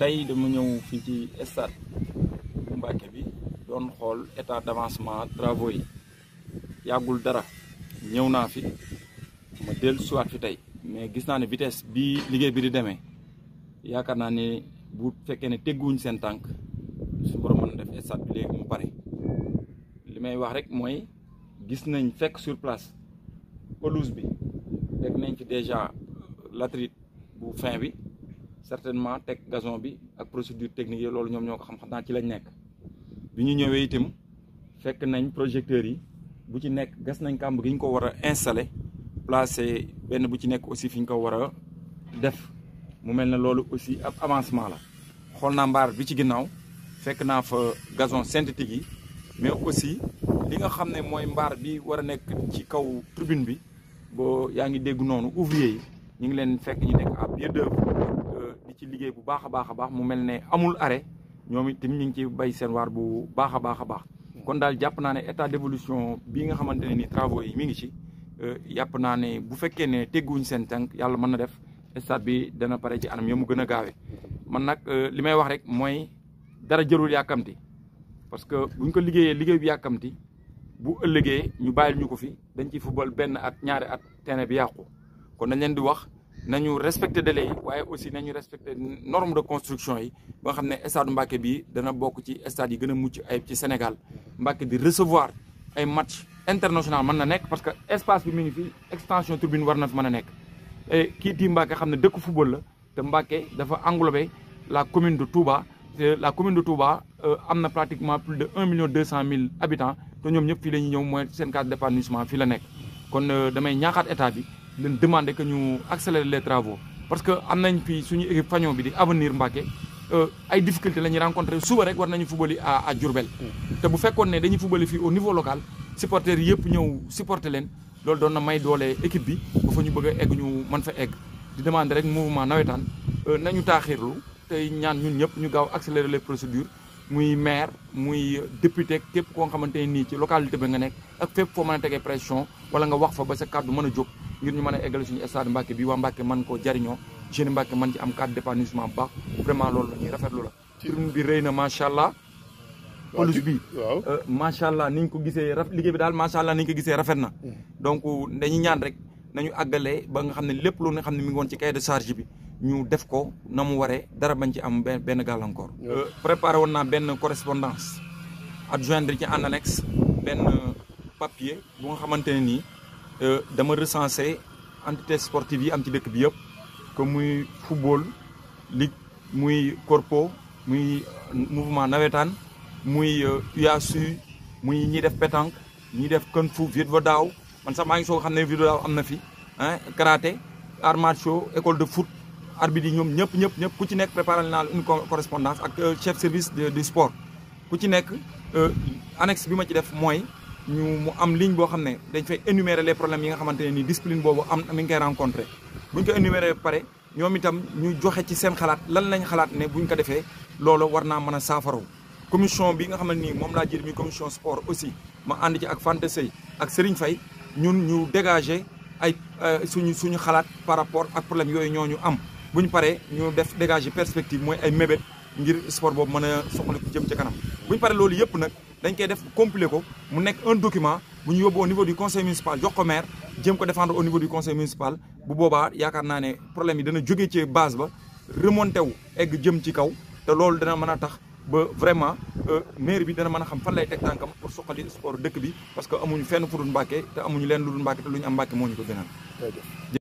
tey dama ñëw fii ci stade bu Mbacké bi doon xool état d'avancement travaux yi yàggul dara ñëw naa fi ma dellu siwaat fi tey mais gis naa ne vitesse bi liggéey bi di demee yaakaar naa ne bu fekkee ne tegguwuñ seen tànk suñu borom mën na def stade bi léegi mu pare li may wax rek mooy gis nañ fekk sur place pelouse bi fekk nañ fi déjà euh, latérite bu fin bi certainement teg gazon bi ak procédure technique yi loolu ñoom ñoo ko xam xam naa ci lañ nekk bi ñu ñëwee itam fekk nañ projecteurs yi bu ci nekk gas nañ kàmb gi ñu ko war a installé placé benn bu ci nekk aussi fi ñu ko war a def mu mel ne loolu aussi ab avancement la xool naa mbaar bi ci ginnaaw fekk naa fa gazon synthétique yi mais aussi li nga xam ne mooy mbaar bi war a nekk ci kaw tribune bi boo yaa ngi dégg noonu ouvrier yi ñu ngi leen fekk ñu nekk ci liggéey bu baax a baax a baax mu mel ne amul are ñoom itam ñu ngi ci bay seen waar bu baax a baax a baax kon daal jàpp naa ne état d'évolution bii nga xamante ne ni travaux yi mi ngi ci yàpp euh, naa ne bu fekkee ne tegguñ seen tànk yàlla mën na def stade bi dana pare ci anam ya mu gën a gaawe man nag euh, li may wax rek mooy dara jërul yàkkamti parce que buñ ko liggéeyee liggéey bi yàkkamti bu ëllëgee ñu bàyyil ñu ko fi dañ ci football benn at ñaari at terrain bi yàqu nañu respecter délai yi waaye aussi nañu respecter norme de construction yi ba xam ne stade Mbacké bi dana bokk ci stade yi gën a mucc ayib ci Sénégal Mbacké di recevoir ay match international mën na nekk parce que espace bi mu ngi fi extension tribune war na fi mën a nekk kii di Mbacké xam ne dëkk football la te Mbacké dafa englobé la commune de Touba te la commune de Touba euh, am na pratiquement plus de un million deux cent mille habitants te ñoom ñëpp fii la ñëw mooy seen case fii la nekk kon euh, damay ñaaxaat état bi leen demander que ñu accélérer les travaux parce que am nañ fii suñu équipe fañon bi di avenir Mbacké euh, ay difficultés la ñuy rencontré suba rek war nañu fubali à a Diourbel te bu fekkoon ne dañuy fubali fii au niveau local supporters yëpp ñëw supporter leen loolu doon na may doole équipe bi ba fa ñu bëgg a egg ñu man fa egg di demander rek mouvement nawetaan euh, nañu taaxiirlu tey ñaan ñun ñëpp ñu gaaw accélérer les procédures muy maire muy député képp koo xamante nii ci localité bi nga nekk ak fépp foo mën a wala nga wax fa ba sa kàddu mën a jóg ngir ñu mën a eggale suñu stade Mbacké bi waa Mbacké man koo jariñoo jeune Mbacké man ci am cadre d'épanouissement bu baax vraiment loolu la ñuy rafetlu la tribune bi rëy na macha allah pelouse bi euh, macha allah ni ñu ko gisee raf liggéey bi daal macha allah ni ñu ko gisee rafet na mm. donc dañuy ñaan rek nañu àggale ba nga xam ne lépp lu nga xam ne mi ngi woon ci kay de charge bi ñu def ko na mu waree dara bañ ci am benn gàllankoor mm. euh, préparé woon naa benn correspondance adjoindre ci en annexe benn euh, papier bu xamante ne nii Euh, dama recensé entité sportive yi am ci dëkk bi yëpp comme muy football ligue muy korpo muy mouvement nawetaan muy UASU euh, muy ñiy def pétanque ñiy def kung fu viet va daaw man sax maa ngi soo xam ne viet daaw am na fi ah karaté arts martiaux école de foot bi di ñoom ñëpp ñëpp ñëpp ku ci nekk préparé naa une correspondance ak euh, chef service du sport ku ci nekk annexe bi ma ci def mooy ñu mu am ligne boo xam ne dañ fay énumérer les problèmes yi nga xamante ne ni discipline boobu am mi ngi koy rencontré buñ ko énumérer pare ñoom itam ñu joxe ci seen xalaat lan lañ xalaat ne buñ ko defee loolu war naa mën a saafaraw commission bi nga xam ne nii moom laa jiite mi commission sport aussi ma ànd ci ak Fanta Seye ak Serigne fay ñun ñu dégager ay euh, suñu suñu xalaat par rapport ak problème yooyu ñoo ñu am bu ñu paree ñu def dégage perspective mooy ay mébét ngir sport boobu mën a soxla jëm ci kanam bu ñu paree loolu yëpp nag. dañ koy def compiler ko mu nekk un document bu ñu yóbbu au niveau du conseil municipal jox ko maire jéem ko défendre au niveau du conseil municipal bu boobaa yaakaar naa ne problème yi dana jóge ci base ba remonté wu egg jëm ci kaw te loolu dana mën a tax ba vraiment euh, maire bi dana mën a xam fan lay teg tànkam pour suqali sport dëkk bi parce que amuñu fenn fu dul Mbàkke te amuñu leen lu dul Mbàkke te lu ñu am Mbàkke moo ñu ko gënal